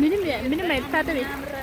Minimum, minimum, minimum, minimum,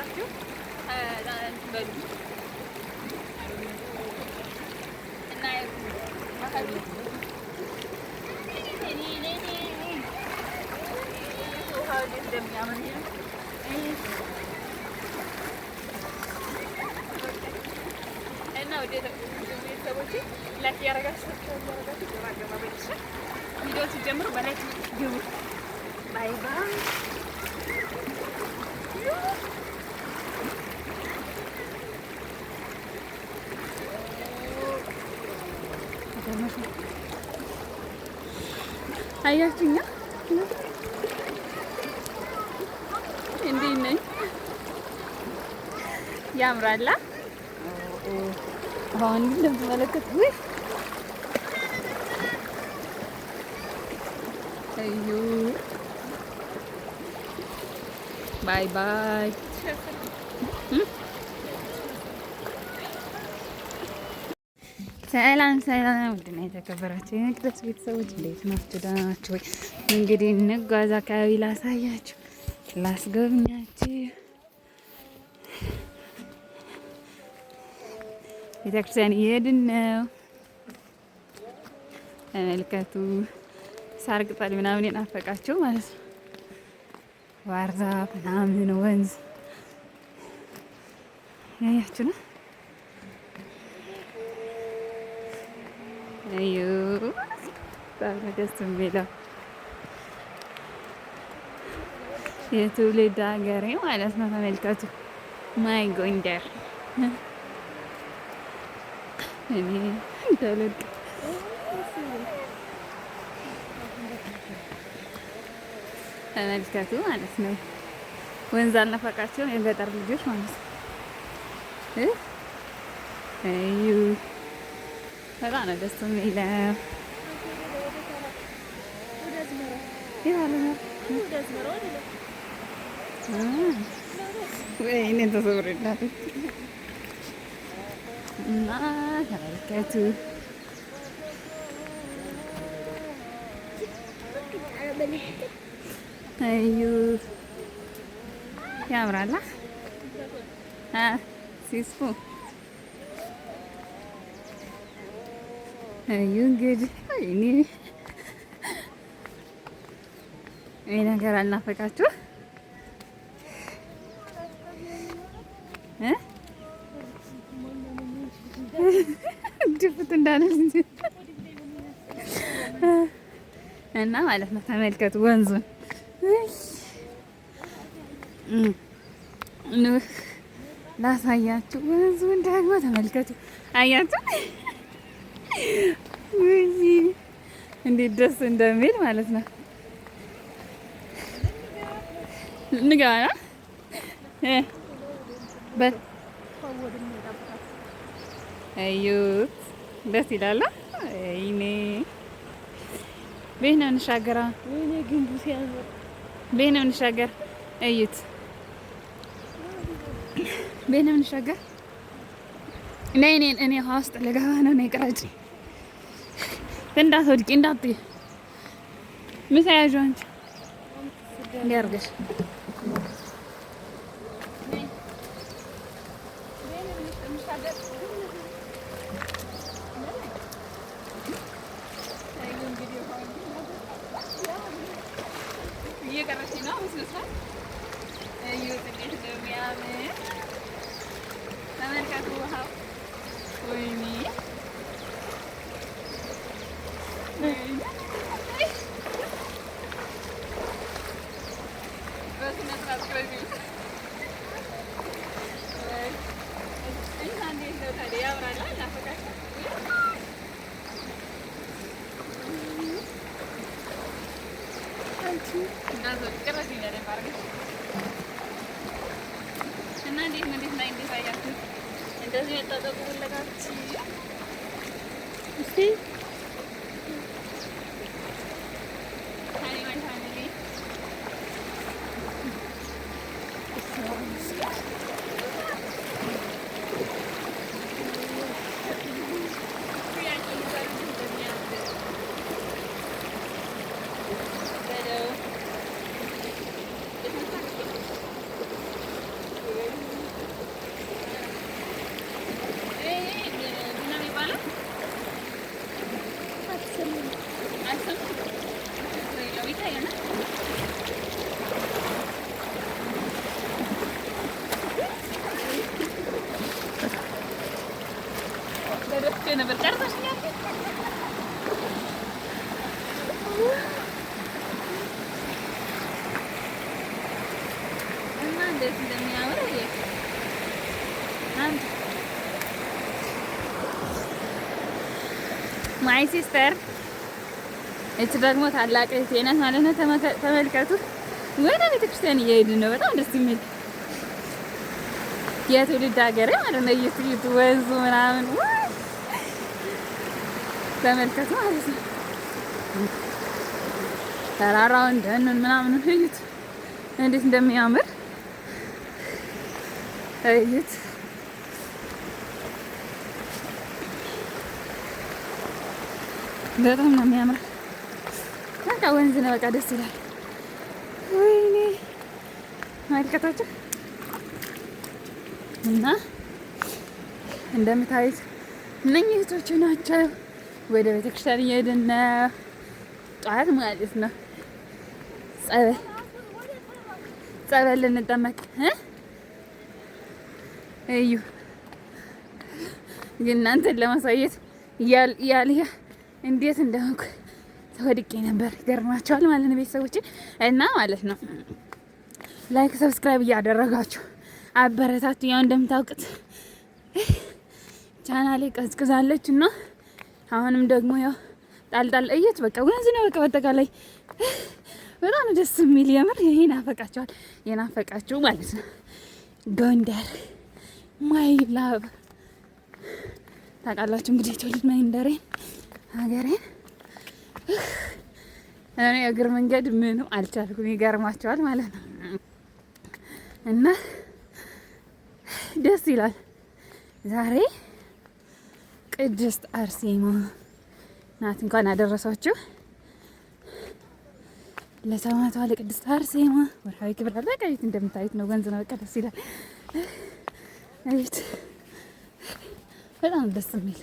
መጣችሁ በሉ እና እንደሚያምር እና ወደ ላይክ ቪዲዮ ሲጀምሩ በላይክ ግቡ። ባይ ባይ አያችኛ እንዴት ነኝ? ያምራላ። አሁን እንደምትመለከት ወይ ባይ ባይ ሰላም ሰላም፣ ውድና የተከበራችሁ የመቅደስ ቤተሰቦች እንዴት ናችሁ? ደህና ናችሁ ወይ? እንግዲህ እንጓዝ፣ አካባቢ ላሳያችሁ፣ ላስጎብኛችሁ። ቤተክርስቲያን እየሄድን ነው። ተመልከቱ፣ ሳር ቅጠል ምናምን የናፈቃችሁ ማለት ነው። ዋርዛ ምናምን ወንዝ ያያችሁ ነው። እዩ በጣም ደስ የሚለው የትውልድ ሀገሬ ማለት ነው። ተመልከቱ ማይ ጎንደር ተመልከቱ ማለት ነው። ወንዝ አልነፈቃቸውም የገጠር ልጆች ማለት ነው അതാണ് രസമില്ല ഇനിയെന്താ സൂറിട്ടത് കഴിക്കാച്ചു അയ്യോ ക്യാമറ അല്ല ആ സിസ്പോ እንግዲህ እኔ ይህ ነገር አልናፈቃችሁ? ድፍት እንዳለ እና ማለት ነው። ተመልከቱ ወንዙን ላሳያችሁ። ወንዙን ደግሞ ተመልከቱ። አያችሁ? ውይ እንዴት ደስ እንደሚል ማለት ነው። ንገባ ነው እዩት፣ ደስ ይላል። ይኔ ቤት ነው እንሻገራ ቤት ነው እንሻገር። እዩት፣ ቤት ነው እንሻገር። ነይ እኔ ውሃ ውስጥ ልገባ ነው። ነይ ቅረጭ እንዳትወድቂ እንዳትይ ምሳ ያዥ አንቺ እንዲያርገሽ Okay. ማይ ሲስተር እቺ ደግሞ ታላቅ እህቴ ናት ማለት ነው። ተመልከቱት ወደ ቤተክርስቲያን እየሄድን ነው። በጣም ደስ የሚል የትውልድ ሀገሬ ማለት ነው። እዩት ወንዙ ምናምን ተመልከቱ ማለት ነው። ተራራውን ደኑን ምናምን እዩት እንዴት እንደሚያምር እዩት። በጣም ነው የሚያምር። በቃ ወንዝ ነው፣ በቃ ደስ ይላል። ወይኔ ማልከታችሁ እና እንደምታዩት እነኚህ እህቶቹ ናቸው። ወደ ቤተክርስቲያን እየሄድን ነው። ጠዋት ማለት ነው ጸበል ጸበል ልንጠመቅ እዩ ግን እናንተን ለማሳየት እያልያ እንዴት እንደሆንኩ ተወድቄ ነበር። ይገርማቸዋል ማለት ነው ቤተሰቦች እና ማለት ነው ላይክ ሰብስክራይብ እያደረጋችሁ አበረታቱ። ያው እንደምታውቁት ቻናሌ ቀዝቅዛለች እና አሁንም ደግሞ ያው ጣልጣል እየት በቃ ወንዝ ነው። በቃ በአጠቃላይ በጣም ደስ የሚል የምር ይሄ ናፈቃቸዋል የናፈቃችሁ ማለት ነው ጎንደር ማይ ላቭ ታውቃላችሁ እንግዲህ ትውልድ መንደሬን ሀገሬን እኔ እግር መንገድ ምንም አልቻልኩም። ይገርማቸዋል ማለት ነው። እና ደስ ይላል። ዛሬ ቅድስት አርሴማ ናት። እንኳን አደረሳችሁ ለሰማዕቷ ለቅድስት አርሴማ ወርሃዊ ክብር አለ። ቀይት እንደምታዩት ነው፣ ወንዝ ነው። በቃ ደስ ይላል። አቤት በጣም ደስ የሚል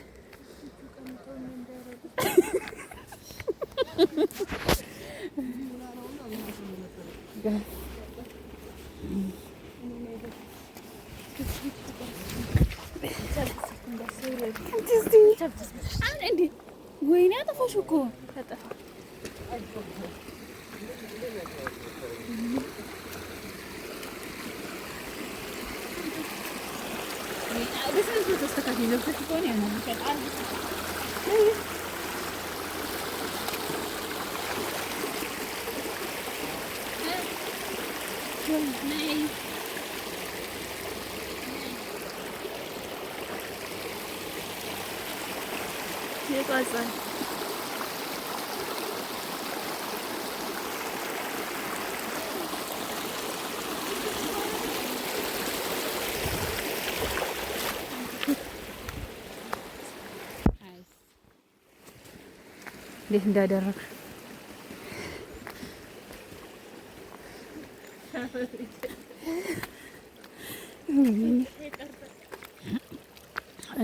ወይኔ አጠፋሽ እኮ ተስተካክል Hier soll es sein. እንዴት እንዳደረግ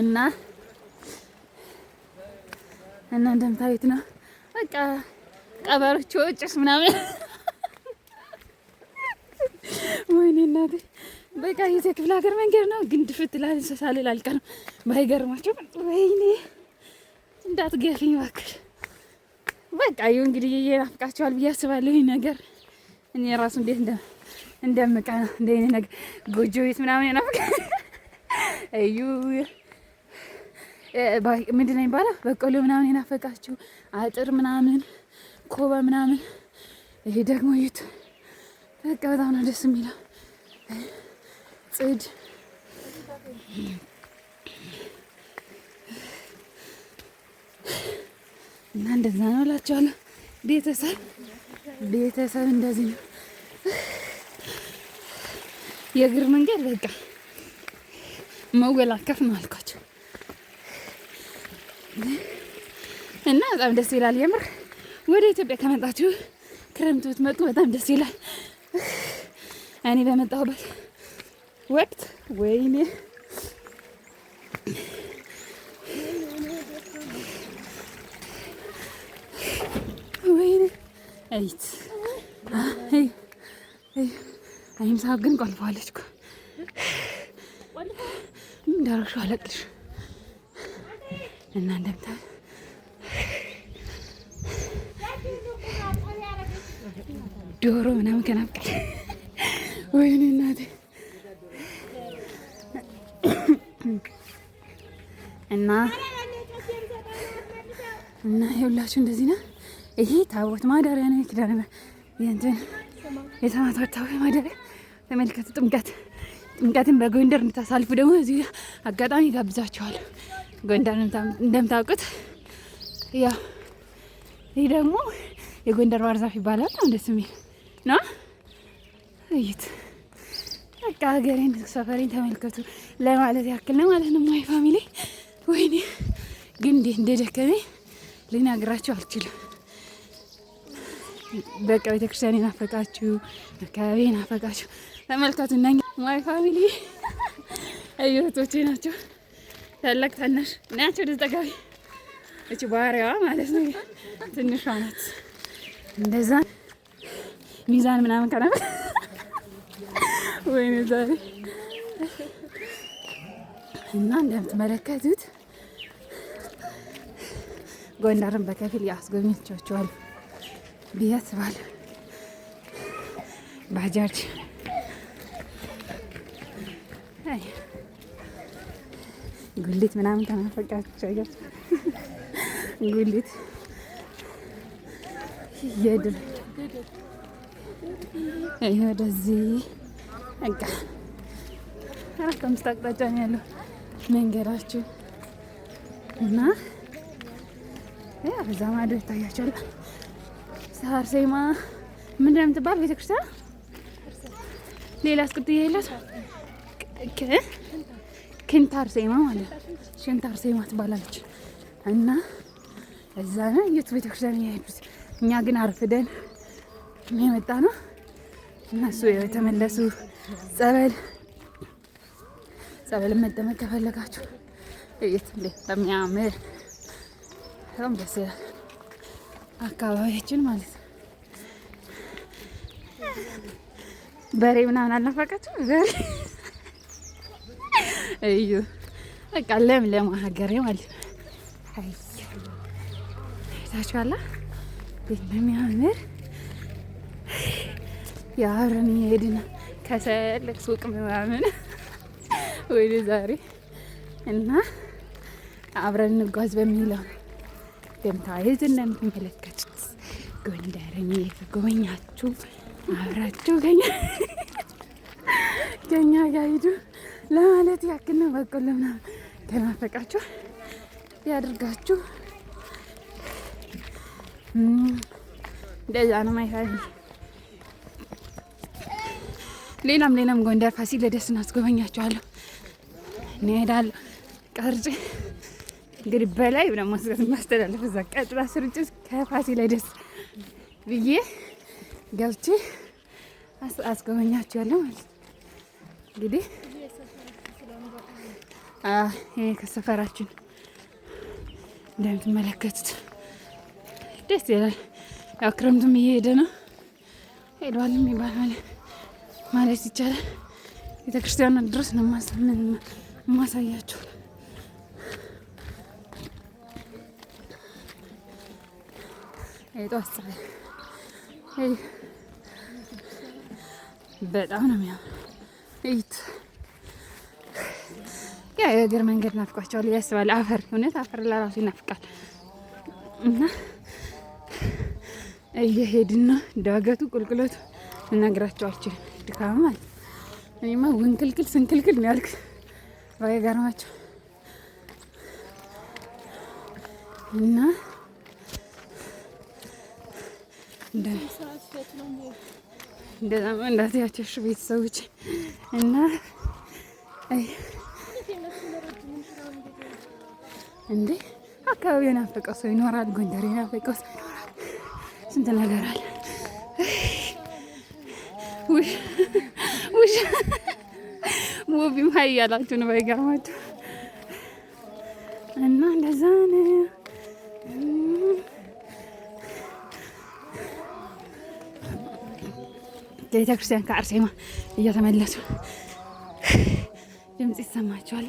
እና እና እንደምታዩት ነው በቃ ቀበሮች ወጭስ ምናምን ወይኔ እናቴ በቃ የት ክፍለ ሀገር መንገድ ነው ግን ድፍት ላል እንስሳ ልል አልቀርም። ባይገርማቸው ወይኔ እንዳትገፊኝ እባክሽ። በቃ ይኸው እንግዲህ ይናፍቃቸዋል ብዬ አስባለሁ ይህ ነገር እኔ ራሱ እንዴት እንደምቃ እንደ እኔ ነገ ጎጆ ቤት ምናምን ናፍቅ እዩ ምንድን ነው የሚባለው? በቆሎ ምናምን የናፈቃችሁ አጥር ምናምን ኮባ ምናምን። ይሄ ደግሞ እዩት፣ በቃ በጣም ነው ደስ የሚለው ጽድ እና እንደዛ ነው እላችኋለሁ ቤተሰብ ቤተሰብ እንደዚህ ነው። የእግር መንገድ በቃ መወላከፍ ነው አልኳቸው እና በጣም ደስ ይላል። የምር ወደ ኢትዮጵያ ከመጣችሁ ክረምት ብትመጡ በጣም ደስ ይላል። እኔ በመጣሁበት ወቅት ወይኔ እይት አይም ሳብ ግን ቆልፈዋለች እኮ እንዳረግሽው አለቅልሽ እና እንደምታ ዶሮ ምናምን ከናብቅል ወይኔ እናቴ እና እና ይኸውላችሁ እንደዚህ ነው። ይሄ ታቦት ማደሪያ ነው። የኪዳነ እንትን የሰማዕታት ታቦት ማደሪያ ተመልከቱ። ጥምቀት ጥምቀትን በጎንደር እንድታሳልፉ ደግሞ እዚህ አጋጣሚ ጋብዛቸዋል። ጎንደር እንደምታውቁት ያ ይህ ደግሞ የጎንደር ባህር ይባላል። በጣም ደስ የሚል ነው። እይት በቃ ሀገሬን ሰፈሬን ተመልከቱ ለማለት ያክል ነው ማለት ነው። ማይ ፋሚሊ ወይኔ ግን እንዴት እንደደከመኝ ልነግራችሁ አልችልም። በቃ ቤተክርስቲያን የናፈቃችሁ አካባቢ የናፈቃችሁ ተመልከቱ። እና ማይ ፋሚሊ እህቶቼ ናቸው። ታላቅ ታናሽ ናቸው። ወደ ጠጋቢ እቺ ባህሪዋ ማለት ነው። ትንሿ ናት። እንደዛ ሚዛን ምናምን ከነበር ወይ ዛሬ እና እንደምትመለከቱት ጎንደርን በከፊል ያስጎብኝቻችኋል። ብዬ አስባለሁ። ባጃጅ ጉሊት ምናምን ተናፈቃችሁ አያችሁ። ጉሊት የድር ወደዚህ በቃ አራት አምስት አቅጣጫ ነው ያለው መንገዳችሁ እና እዛ ማዶ ይታያችኋል። አርሴማ ምንድን ነው የምትባል ቤተክርስቲያን? ሌላ አስቅጥያ የላት ክንታ አርሴማ ማለት ነው። ሽንታ አርሴማ ትባላለች። እና እዛ ነው የት ቤተክርስቲያን የሄዱት። እኛ ግን አርፍደን የመጣ ነው። እነሱ የተመለሱ ጸበል ጸበል መጠመቅ ከፈለጋችሁ እየት እንደሚያምር በጣም ደስ ይላል። አካባቢያችን ማለት ነው። በሬ ምናምን አልናፈቃችሁም? በሬ እዩ፣ በቃ ለምለም ሀገሬ ማለት ነው። ታችኋላ ቤት ነው የሚያምር። የአብረን የሄድን ከሰለቅ ሱቅ ምናምን ወይ ዛሬ እና አብረን እንጓዝ በሚለው ደምታ ይዝ እንደምትመለከት ጎንደርን አብራችሁ ጋር ሂዱ ለማለት ያክል ነው። በቆሎ ምናምን ከናፈቃችሁ ያድርጋችሁ። እንደዛ ነው ሌላም ሌላም ጎንደር ፋሲለደስ እናስጎበኛችኋለሁ። እኔ እሄዳለሁ ቀርጬ እንግዲህ በላይ ደግሞ ማስተላለፍ እዛ ቀጥላ ስርጭት ከፋሲለደስ ብዬ ገብቼ አስጎበኛችኋለሁ ማለት እንግዲህ ይሄ ከሰፈራችን እንደምትመለከቱት ደስ ይላል። ያው ክረምቱም እየሄደ ነው ሄዷል የሚባል ማለት ይቻላል። ቤተክርስቲያኑ ድረስ ነው የማሳያችሁ። ፀሐይ በጣም ነው የሚያምር። እይት ያ የእግር መንገድ ናፍቋቸዋል ያስባል። አፈር እውነት አፈር ለራሱ ይናፍቃል። እና እየሄድና ዳገቱ ቁልቁለቱ ልነግራቸው አልችልም። ድካም ማለት እኔማ ውንክልክል ስንክልክል ነው ያልኩት። ባይገርማቸው እና እንደዛማ እንዳትያቸው እሺ ቤተሰቦች እና እንዴ አካባቢ የናፈቀው ሰው ይኖራል። ጎንደር የናፈቀው ሰው ይኖራል። ስንት ነገር አለ። ውሻ ሞቢም ሀይ እያላችሁ ነው ባይገርማችሁ እና እንደዛ ነው። ቤተ ክርስቲያን ከአርሴማ እየተመለሱ ድምፅ ይሰማችኋል።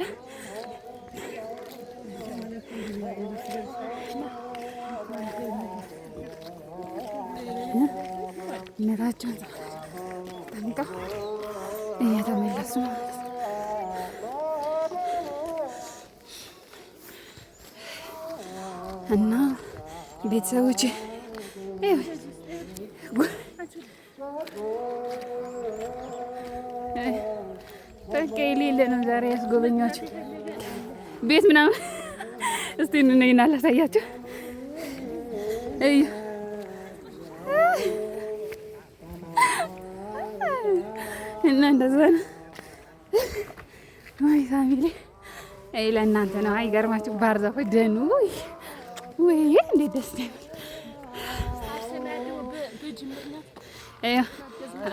እነታቸውን ጠንቀው እየተመለሱ እና ቤተሰቦች ጎበኛችሁ ቤት ምናምን እስቲ እንነኝና ላሳያችሁ። እዩ እና እንደዛ ነው። ወይ ፋሚሊ አይ ለእናንተ ነው። አይገርማችሁ? ባህር ዛፎች ደኑ ወይ ወይ እንዴት ደስ ይላል።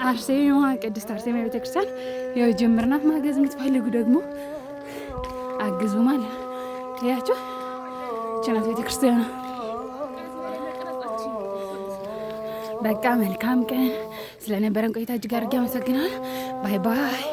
አርሴማ ቅድስት አርሴማ ቤተክርስቲያን ያው ጅምር ናት። ማገዝ የምትፈልጉ ደግሞ ግዙ ማለት ነው። ያችሁ ችናት ቤተ ክርስቲያኗ። በቃ መልካም ቀን ስለነበረን ቆይታ እጅግ አድርጌ አመሰግናል። ባይ ባይ።